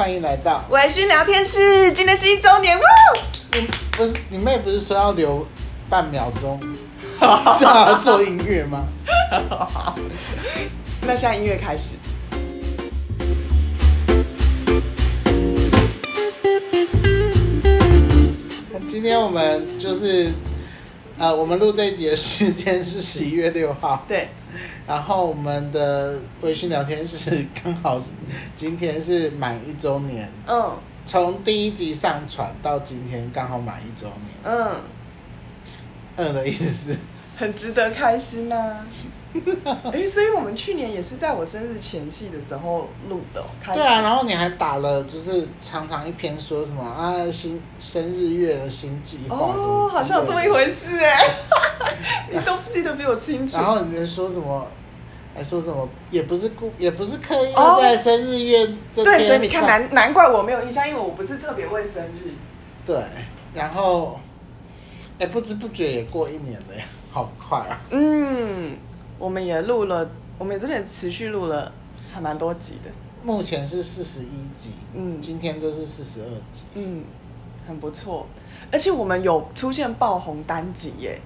歡迎來到微醺聊天室，今天是一週年哇！你不是你妹，不是說要留半秒鐘 是要做音樂嗎？ 那現在音樂開始。今天我們就是呃，我們錄這集的時間是十一月六號，對。然後我們的微醺療天室剛好今天是滿一週年，嗯，從第一集上傳到今天剛好滿一週年，嗯，二的意思是，很值得開心啊。哎、 欸，所以我們去年也是在我生日前夕的時候錄的、哦，開對啊，然後你還打了就是長長一篇說什麼啊，新生日月的新計劃，哦，麼好像有這麼一回事哎，你都不記得比我清楚、啊，然後你說什麼？還說什麼也不是故也不是刻意在生日月，哦，對，所以你看難難怪我沒有印象，因為我不是特別會生日。對，然後，哎，不知不覺也過一年了呀，好快啊！嗯，我們也錄了，我們這邊持續錄了，還蠻多集的。目前是四十一集，嗯，今天就是四十二集，嗯，很不錯，而且我們有出現爆紅單集耶。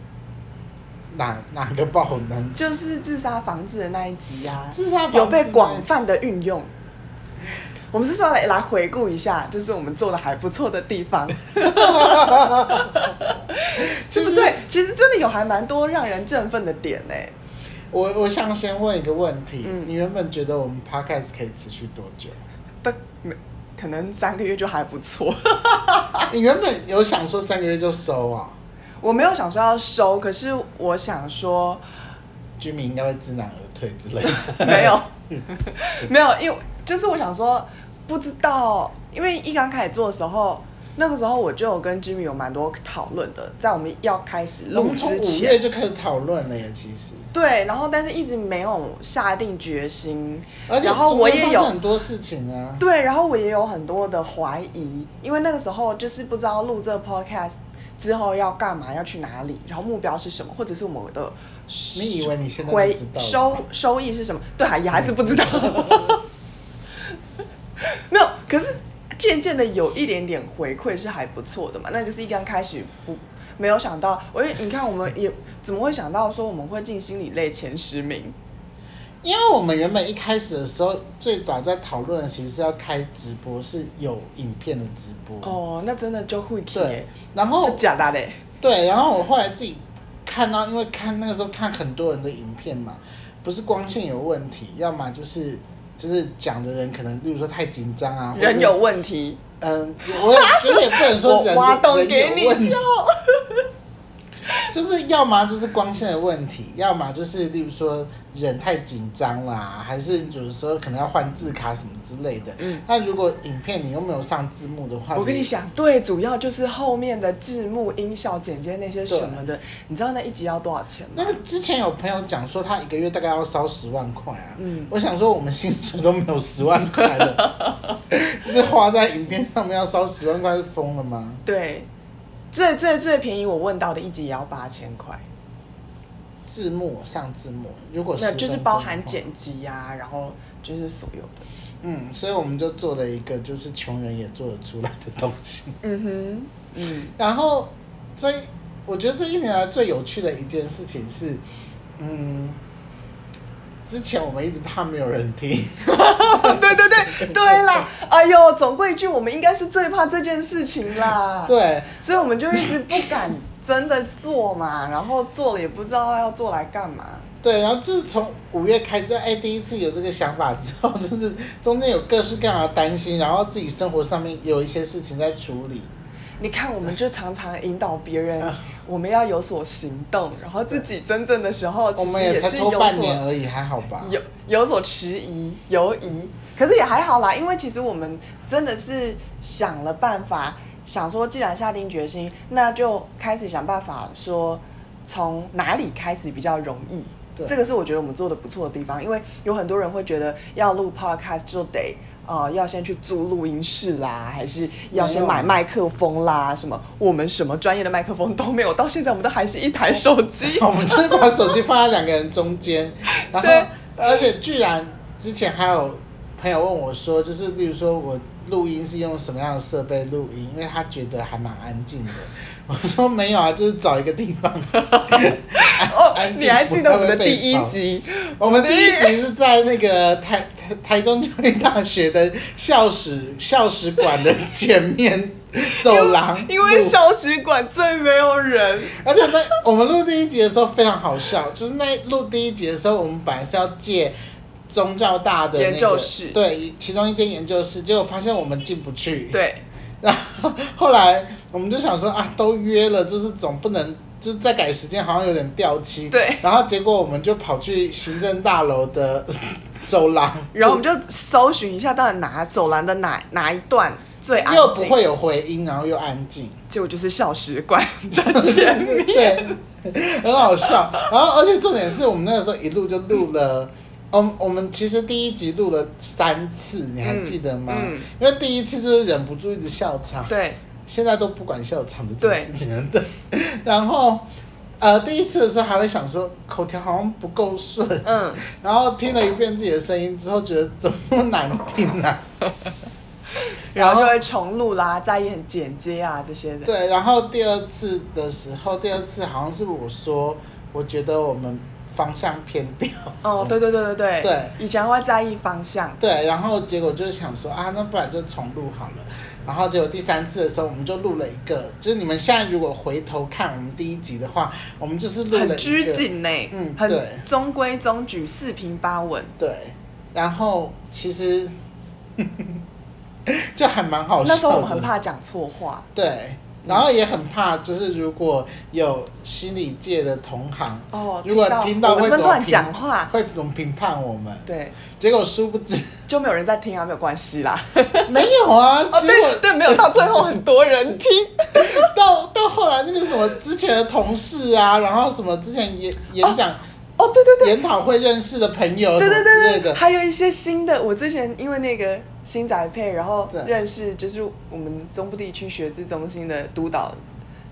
哪哪個爆呢？就是自殺防治的那一集啊，自殺防治有被廣泛的運用。 我們是說來，來回顧一下，就是我們做的還不錯的地方。就其實真的有還蠻多讓人振奮的點呢。我我想先問一個問題，嗯、你原本覺得我們 podcast 可以持續多久？可能三個月就還不錯、 啊。你原本有想說三個月就收啊？我沒有想說要收，可是我想說，Jimmy 應該會知難而退之類的。 沒有， 沒有，因為就是我想說，不知道，因為一剛開始做的時候，那個時候我就有跟 Jimmy 有蠻多討論的，在我們要開始錄制前我們就開始討論了耶。其實對，然後但是一直沒有下定決心，而且我也有很多事情啊。對，然後我也有很多的懷疑，因為那個時候就是不知道錄這個 Podcast。之後要幹嘛？要去哪裡？然後目標是什麼？或者是我們我的回收收益是什麼？對啊，還也還是不知道。 沒有，可是漸漸的有一點點回饋是還不錯的嘛。那個是一剛開始不沒有想到，我因為你看我們也怎麼會想到說我們會進心理類前十名？因為我們原本一開始的時候，最早在討論的其實是要開直播，是有影片的直播。哦，那真的就會對，然後假的嘞。對，然後我後來自己看到，因為看那個時候看很多人的影片嘛，不是光線有問題，要麼就是就是講的人可能，例如說太緊張啊，人有問題。嗯，我覺得也不能說人， 我挖洞給你人有問題。就是要麼就是光線的問題，要麼就是例如說人太緊張啦，還是有的時候可能要換字卡什麼之類的。嗯，那如果影片你又沒有上字幕的話，我跟你講，對，主要就是後面的字幕、音效、剪接、那些什麼的。對你知道那一集要多少錢嗎？那個之前有朋友講說他一個月大概要燒十萬塊啊。嗯。我想說我們薪水都沒有十萬塊了， 是花在影片上面要燒十萬塊是瘋了嗎？對。最最最便宜，我問到的一集也要八千塊。字幕上字幕，如果是那就是包含剪輯啊，然後就是所有的。嗯，所以我們就做了一個，就是窮人也做得出來的東西。嗯哼，嗯，然後這我覺得這一年來最有趣的一件事情是，嗯。之前我們一直怕沒有人聽，對對對，對啦，哎呦，總歸一句，我們應該是最怕這件事情啦。對，所以我們就一直不敢真的做嘛， 然後做了也不知道要做來幹嘛。對，然後自從五月開始，後，哎，第一次有這個想法之後，就是中間有各式各樣的擔心，然後自己生活上面有一些事情在處理。你看，我們就常常引導別人，我們要有所行動，呃、然後自己真正的時候，其實也是半年而已，還好吧？有有所遲疑、猶疑，可是也還好啦。因為其實我們真的是想了辦法，想說既然下定決心，那就開始想辦法說，從哪裡開始比較容易。對這個是我覺得我們做的不錯的地方，因為有很多人會覺得要錄 podcast 就得啊、呃，要先去租錄音室啦，還是要先買麥克風啦，有什麼？我們什麼專業的麥克風都沒有，到現在我們都還是一台手機。哦、我們只是把手機放在兩個人中間， 然後，對而且居然之前還有朋友問我說，就是例如說我。錄音是用什麼樣的設備錄音？因為他覺得還蠻安靜的。我說沒有啊，就是找一個地方， 安靜。哦、安靜，你還記得我們的第一集，我們我第一集是在那個台台 台中教育大學的校史 校史館的前面走廊因，因為校史館最沒有人。而且那我們錄第一集的時候非常好笑，就是那錄第一集的時候，我們本來是要借。中教大的、那個、研究室，對，其中一間研究室，結果發現我們進不去。對，然後後來我們就想說啊，都約了，就是總不能就再改時間，好像有點掉漆。對，然後結果我們就跑去行政大樓的走廊，然後我們就搜尋一下到底哪走廊的哪哪一段最安靜，又不會有回音，然後又安靜。結果就是校史館前面，對，很好笑。 然後而且重點是我們那個時候一路就錄了。嗯我、嗯、我們其實第一集錄了三次，你還記得嗎？嗯嗯、因為第一次就是忍不住一直笑場。對，現在都不管笑場的這事情了對。然後，呃，第一次的時候還會想說口條好像不夠順。嗯，然後聽了一遍自己的聲音之後，覺得怎麼那麼難聽啊？ 然後就會重錄啦，再演剪接啊這些的。對，然後第二次的時候，第二次好像是我說，我覺得我們。方向偏掉哦，對對對對對，以前會在意方向，對，然後結果就想說啊，那不然就重錄好了，然後結果第三次的時候我們就錄了一個，就是你們現在如果回頭看我們第一集的話，我們就是錄了一個很拘謹呢，嗯，對，很中規中矩，四平八穩，對，然後其實 就還蠻好，那時候我們很怕講錯話，對。然後也很怕，就是如果有心理界的同行，哦，如果聽到會怎麼評話，會怎麼評判我們？對，結果殊不知就沒有人在聽啊，沒有關係啦。沒有啊，哦，結果，對，對，沒有到最後很多人聽到，到後來那個什麼之前的同事啊，然後什麼之前演演講，哦，對對對，研討會認識的朋友，對對對對，還有一些新的，我之前因為那個。新宅配，然後認識就是我們中部地區學制中心的督導，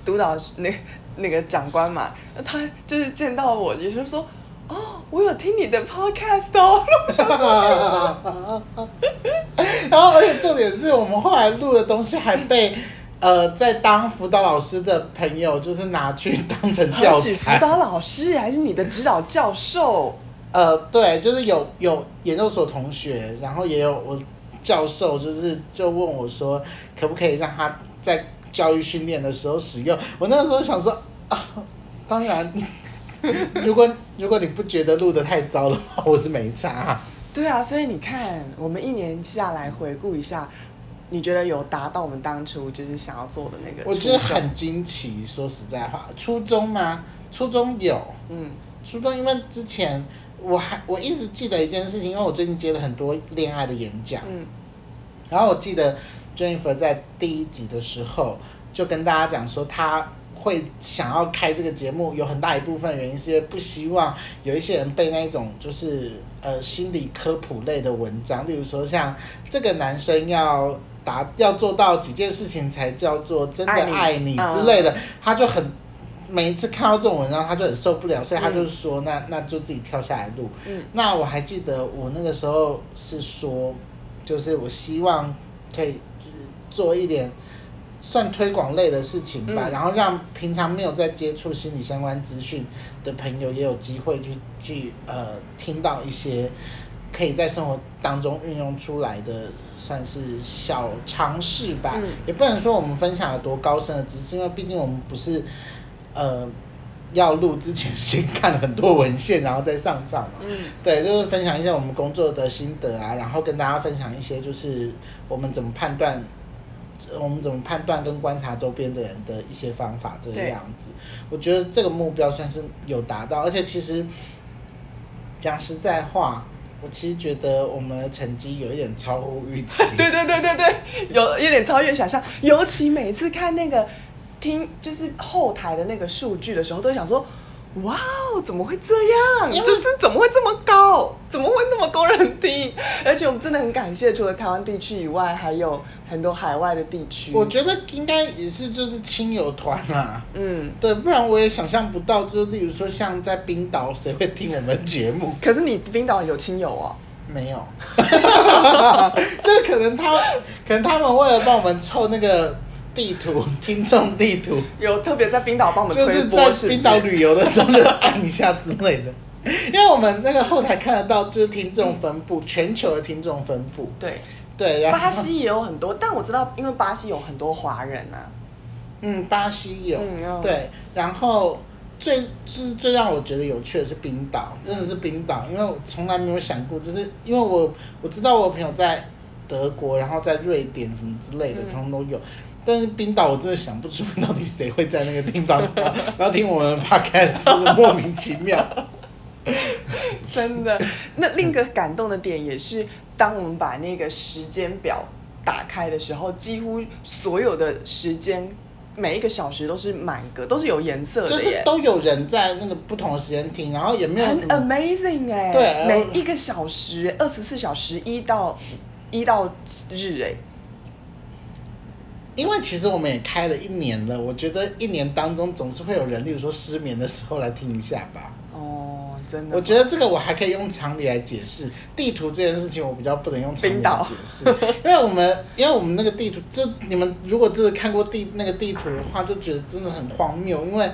督對導那那個長官嘛，他就是見到我，就是說，哦，我有聽你的 podcast 哦， 然後而且重點是我們後來錄的東西還被 呃在當輔導老師的朋友就是拿去當成教材，是輔導老師還是你的指導教授？呃，對，就是有有研究所同學，然後也有我。教授，就是就問我說，可不可以讓他在教育訓練的時候使用？我那時候想說，啊，當然，如果 如果你不覺得錄得太糟的話，我是沒差啊。對啊，所以你看，我們一年下來回顧一下，你覺得有達到我們當初就是想要做的那個？我覺得很驚奇，說實在話，初衷嗎？初衷有，嗯，初衷因為之前我還我一直記得一件事情，因為我最近接了很多戀愛的演講，嗯，然後我記得 Jennifer 在第一集的時候就跟大家講說，他會想要開這個節目，有很大一部分原因是因為不希望有一些人被那一種就是呃心理科普類的文章，例如說像這個男生要達要做到幾件事情才叫做真的愛你之類的，你哦，他就很。每一次看到這種文章，他就很受不了，所以他就是說那：“那、嗯、那就自己跳下來錄。嗯”那我還記得我那個時候是說，就是我希望可以做一點算推廣類的事情吧，嗯、然後讓平常沒有在接觸心理相關資訊的朋友也有機會去去呃聽到一些可以在生活當中運用出來的算是小嘗試吧，嗯、也不能說我們分享有多高深的知識，因為畢竟我們不是。呃，要錄之前先看了很多文獻，然後再上場嘛。嗯、對，就是分享一下我們工作的心得啊，然後跟大家分享一些就是我們怎麼判斷，我們怎麼判斷跟觀察周邊的人的一些方法這個樣子。對我覺得這個目標算是有達到，而且其實講實在話，我其實覺得我們的成績有一點超乎預期。 對對對對對，有一點超越想象。尤其每次看那個。聽就是後台的那個數據的時候，都想說，哇，怎麼會這樣？因為，就是怎麼會這麼高？怎麼會那麼多人聽？而且我們真的很感謝，除了台灣地區以外，還有很多海外的地區。我覺得應該也是就是親友團啦、啊。嗯，對，不然我也想象不到，就是例如說像在冰島，誰會聽我們節目？可是你冰島有親友哦？沒有， 就是可能他，可能他們為了幫我們湊那個。地圖，聽眾地圖有特別在冰島幫我們，就是在冰島旅遊的時候就按一下之類的， 因為我們那個後台看得到就是聽眾分布、嗯、全球的聽眾分布。對，對，巴西也有很多，但我知道因為巴西有很多華人呢、啊、嗯，巴西有、嗯、有，對。然後最就是最讓我覺得有趣的是冰島，真的是冰島，因為我從來沒有想過，就是因為我我知道我有朋友在德國，然後在瑞典什麼之類的，嗯、他們都有。但是冰島我真的想不出到底誰會在那個地方，然後聽我們的 podcast， 就是莫名其妙。 真的，那另一個感動的點也是，當我們把那個時間表打開的時候，幾乎所有的時間每一個小時都是滿格，都是有顏色的，就是都有人在那個不同的時間聽，然後也沒有很 amazing 哎，對每一個小時，二十四小時一到一到日哎。因為其實我們也開了一年了，我覺得一年當中總是會有人，例如說失眠的時候來聽一下吧。哦，真的。我覺得這個我還可以用常理來解釋，地圖這件事情我比較不能用常理來解釋，冰島 因為我們因為我們那個地圖，就你們如果真的看過地那個地圖的話，就覺得真的很荒謬，因為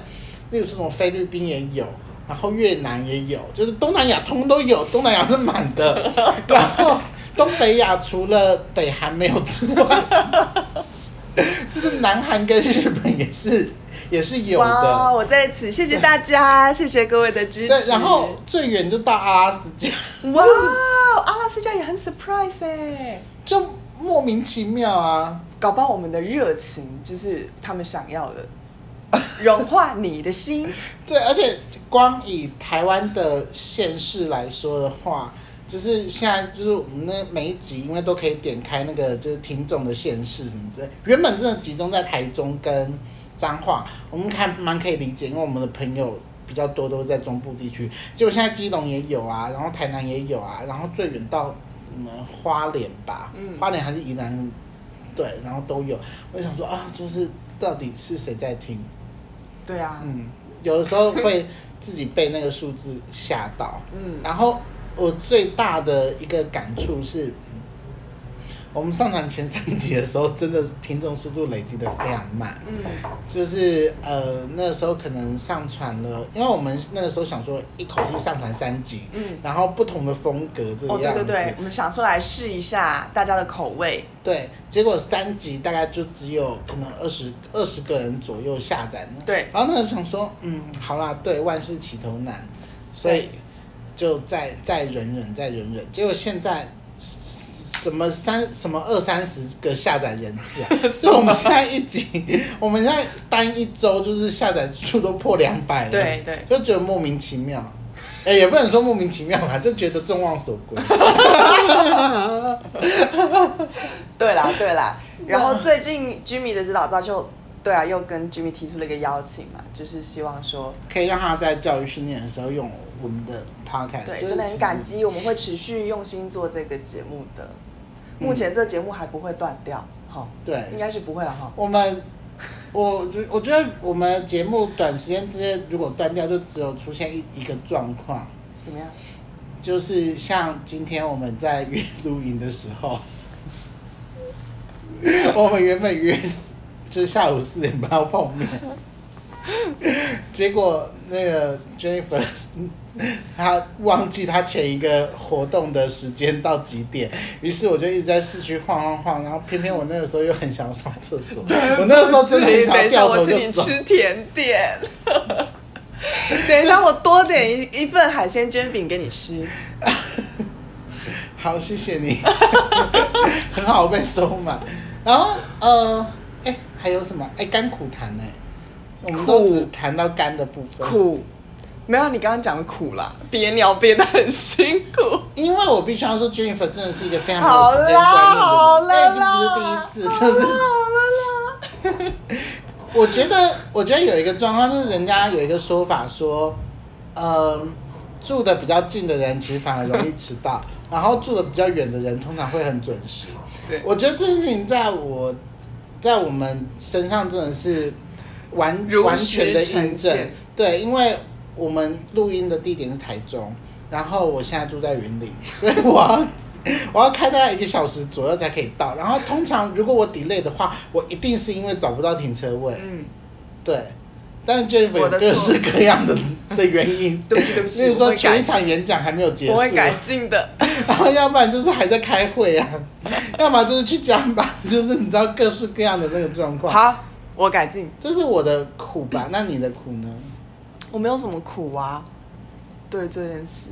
例如說菲律賓也有，然後越南也有，就是東南亞通通都有，東南亞是滿的， 然後東北亞除了北韓沒有之外。 就是南韓跟日本也是，也是有的。哇，我在此謝謝大家，對謝謝各位的支持。對，然後最遠就到阿拉斯加。哇， 就阿拉斯加也很 surprise 哎、欸，就莫名其妙啊，搞不好我們的熱情就是他們想要的，融化你的心。 對，而且光以台灣的縣市來說的話就是現在，就是我們那每一集，因為都可以點開那個就是聽眾的縣市什麼之類的。原本真的集中在台中跟彰化，我們看蠻可以理解，因為我們的朋友比較多都是在中部地區。結果現在基隆也有啊，然後台南也有啊，然後最遠到什麼花蓮吧，嗯，花蓮，嗯，花蓮還是宜蘭，對，然後都有。我想說啊，就是到底是誰在聽？對啊，嗯，有的時候會自己被那個數字嚇到，嗯，然後。我最大的一個感觸是，我們上傳前三集的時候，真的聽眾速度累積得非常慢。嗯、就是呃，那時候可能上傳了，因為我們那個時候想說一口氣上傳三集，嗯，然後不同的風格這樣子，哦、對對對，我們想說來試一下大家的口味。對，結果三集大概就只有可能二十二十個人左右下載。對，然後那時候想說，嗯，好啦，對，萬事起頭難，所以。就再再忍忍再忍忍，結果現在什麼三什麼二三十個下載人次啊！ 所以我們現在一集，我們現在單一週就是下載數都破兩百了，對對，對就覺得莫名其妙，哎、欸，也不能說莫名其妙吧，就覺得眾望所歸。對啦對啦。然後最近 Jimmy 的指導照就對啊，又跟 Jimmy 提出了一個邀請嘛，就是希望說可以讓他在教育訓練的時候用我。我們的 podcast，對，是真的很感激。我們會持續用心做這個節目的，目前這節目還不會斷掉，嗯哦、對，應該是不會哈。哦、我們，我，我覺得我們節目短時間之內如果斷掉，就只有出現一一個狀況，怎麼樣？就是像今天我們在約錄音的時候， 我們原本約是，就是下午四點半要碰面。 結果那個 Jennifer 她忘記她前一個活動的時間到幾點，於是我就一直在市區晃晃晃，然後偏偏我那個時候又很想上廁所，嗯、我那個時候真的很想掉頭就走。吃甜點。等一下，我，吃甜點 等一下我多點一一份海鮮煎餅給你吃。 好，謝謝你。 很好被收買。然後呃，還有什麼？哎，甘苦談呢、欸。苦都只談到肝的部分，苦，沒有你剛剛講的苦啦，憋尿憋的很辛苦。因為我必須要說，Jennifer 真的是一個非常好的時間好累啦，已就不、是、是第一次，了就是好了，好了啦。 我覺得，我覺得有一個狀況，就是人家有一個說法說，嗯、呃，住的比較近的人其實反而容易遲到， 然後住的比較遠的人通常會很準時。對，我覺得這件事情在我在我們身上真的是。完完全的印證對，因為我們錄音的地點是台中，然後我現在住在雲林，所以我要我要開大概一個小時左右才可以到。然後通常如果我 delay 的話，我一定是因為找不到停車位，嗯、對。但是就是有各式各樣的的,的原因， 對不起對不起，所以說前一場演講還沒有結束，我會改進的。然後要不然就是還在開會啊， 要麼就是去加班，就是你知道各式各樣的那個狀況。好。我改進，這是我的苦吧？ 那你的苦呢？我沒有什麼苦啊。對這件事，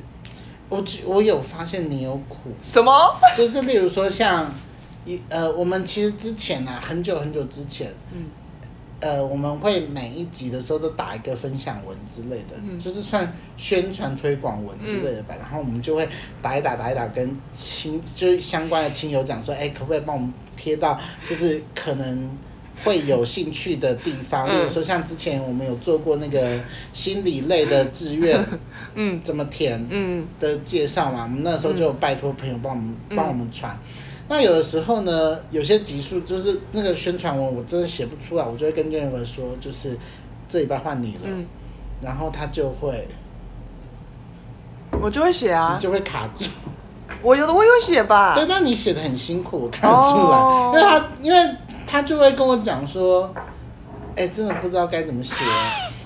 我我有發現你有苦什麼？就是例如說像一呃，我們其實之前啊，很久很久之前，嗯，呃，我們會每一集的時候都打一個分享文之類的，嗯、就是算宣傳推廣文之類的吧。嗯、然後我們就會打一打打一打跟，跟親就相關的親友講說，哎、欸，可不可以幫我們貼到？就是可能。會有興趣的地方，比、嗯、如說像之前我們有做過那個心理類的志願，嗯，怎麼填，嗯的介紹嘛，嗯、我們那時候就有拜託朋友幫我們、嗯嗯、幫我們傳。那有的時候呢，有些集數就是那個宣傳文，我真的寫不出來，我就會跟任文說，就是這禮拜換你了，嗯、然後他就會，我就會寫啊，就會卡住。我有，的我有寫吧。對，那你寫得很辛苦，我看得出來，oh. 因為他因為。他就會跟我講說，哎、欸，真的不知道該怎麼寫，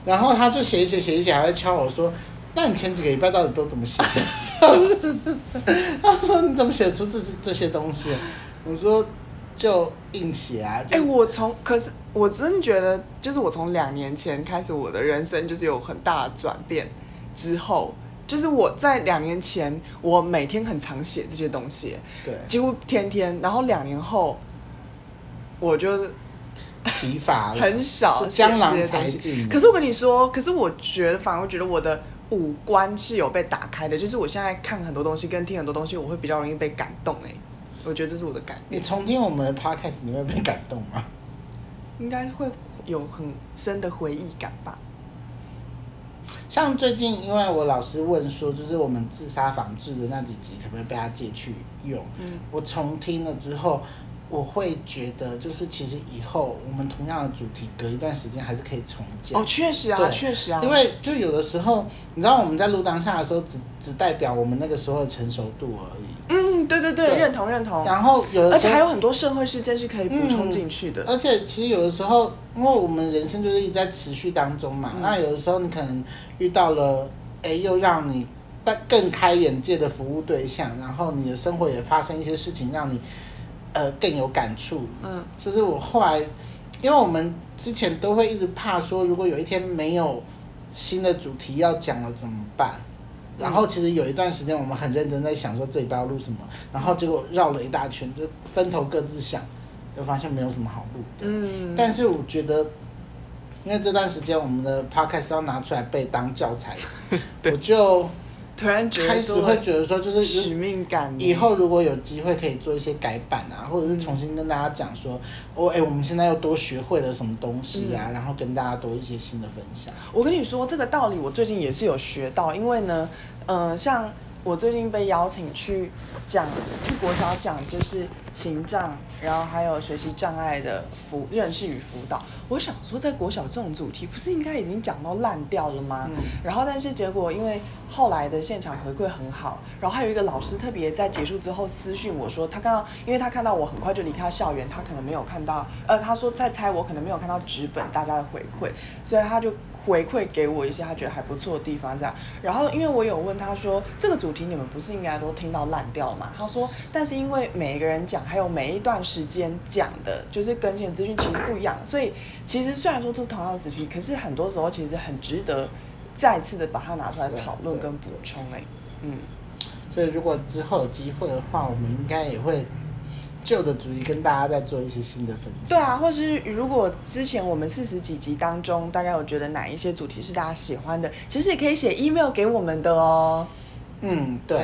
然後他就寫寫寫寫，還會敲我說，那你前幾個禮拜到底都怎麼寫的？ 他說你怎麼寫出這這些東西？我說就硬寫啊。哎、欸，我從可是我真覺得，就是我從兩年前開始，我的人生就是有很大的轉變之後，就是我在兩年前，我每天很常寫這些東西，對，幾乎天天。然後兩年後。我就是疲乏了， 很少江郎才盡。可是我跟你說，可是我覺得反而覺得我的五官是有被打開的，就是我現在看很多東西跟聽很多東西，我會比較容易被感動哎。我覺得這是我的感。你重聽我們的 Podcast，你會被感動嗎、啊？應該會有很深的回憶感吧。像最近，因為我老師問說，就是我們自殺防治的那幾集，可不可以被他借去用？嗯、我重聽了之後。我會覺得，就是其實以後我們同樣的主題，隔一段時間還是可以重講。哦，確實啊，對確實啊。因為就有的時候，你知道我們在錄當下的時候只，只只代表我們那個時候的成熟度而已。嗯，對對對，認同對認同。認同，然後有的時候，而且還有很多社會事件是可以補充進去的、嗯。而且其實有的時候，因為我們人生就是一直在持續當中嘛，嗯、那有的時候你可能遇到了，哎，又讓你更更開眼界的服務對象，然後你的生活也發生一些事情，讓你。呃，更有感觸。嗯，就是我後來，因為我們之前都會一直怕說，如果有一天沒有新的主題要講了怎麼辦？嗯，然後其實有一段時間，我們很認真在想說這裡要錄什麼，然後結果繞了一大圈，就分頭各自想，又發現沒有什麼好錄的。嗯，但是我覺得，因為這段時間我們的 podcast 要拿出來被當教材，呵呵，對，我就。突然覺得開始會覺得說，就是使命感。以後如果有機會，可以做一些改版啊，或者是重新跟大家講說，哦，哎，欸，我們現在又多學會了什麼東西啊，嗯、然後跟大家多一些新的分享。我跟你說，這個道理我最近也是有學到，因為呢，嗯、呃，像。我最近被邀請去講，去國小講，就是情障，然後還有學習障礙的輔認識與輔導。我想說，在國小這種主題，不是應該已經講到爛掉了嗎？嗯，然後，但是結果因為後來的現場回饋很好，然後還有一個老師特別在結束之後私訊我說，他看到，因為他看到我很快就離開校園，他可能沒有看到，呃，他說在猜我可能沒有看到紙本大家的回饋，所以他就。回饋給我一些他覺得還不錯的地方，這樣。然後因為我有問他說，這個主題你們不是應該都聽到爛掉嘛？他說，但是因為每一個人講，還有每一段時間講的，就是更新的資訊其實不一樣， 所以其實雖然說都是同樣的主題，可是很多時候其實很值得再次的把它拿出來討論跟補充、欸。誒嗯，所以如果之後有機會的話，我們應該也會。舊的主題跟大家再做一些新的分析。對啊，或者是如果之前我們四十幾集當中，大家有覺得哪一些主題是大家喜歡的，其實也可以寫 email 給我們的哦。嗯，對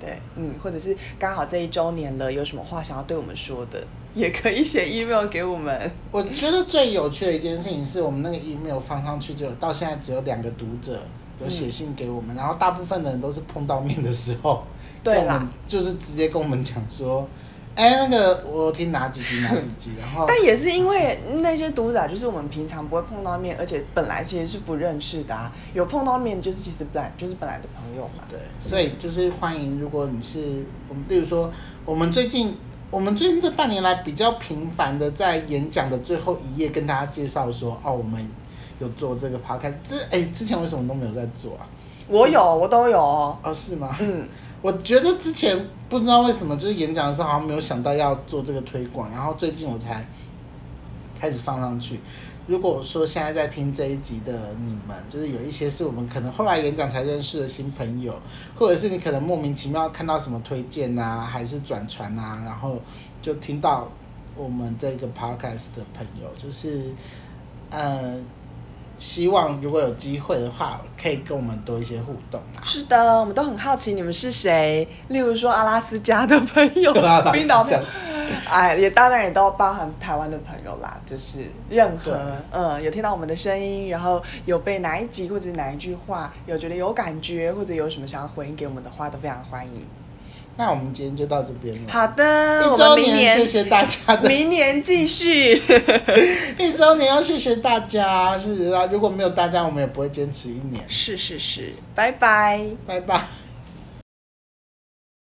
對，對，嗯，或者是剛好這一周年了，有什麼話想要對我們說的，也可以寫 email 給我們。我覺得最有趣的一件事情是我們那個 email 放上去，之後，到現在只有兩個讀者有寫信給我們，嗯、然後大部分的人都是碰到面的時候，對啦，就是直接跟我們講說。哎、欸，那個我聽哪幾集哪幾集， 然後但也是因為那些讀者就是我們平常不會碰到面， 而且本來其實是不認識的啊，有碰到面就是其實本來就是本來的朋友嘛。對，對嗯、所以就是歡迎，如果你是我們，比如說我們最近我們最近這半年來比較頻繁的在演講的最後一頁跟大家介紹說，哦，我們有做這個 Podcast，哎，之前為什麼都沒有在做啊？我有，嗯、我都有啊、哦？是嗎？嗯。我覺得之前不知道為什麼，就是演講的時候好像沒有想到要做這個推廣，然後最近我才開始放上去。如果說現在在聽這一集的你們，就是有一些是我們可能後來演講才認識的新朋友，或者是你可能莫名其妙看到什麼推薦啊，還是轉傳啊，然後就聽到我們這個 podcast 的朋友，就是嗯。呃希望如果有機會的話，可以跟我們多一些互動啦。是的，我們都很好奇你們是誰，例如說阿拉斯加的朋友、冰島朋友，哎，也當然也都包含台灣的朋友啦。就是任何對嗯，有聽到我們的聲音，然後有被哪一集或者哪一句話有覺得有感覺，或者有什麼想要回應給我們的話，都非常歡迎。那我們今天就到這邊了。好的，一周年，謝謝大家的。明年繼續。 一周年要謝謝大家，謝謝大家。如果沒有大家，我們也不會堅持一年。是是是，拜拜，拜拜。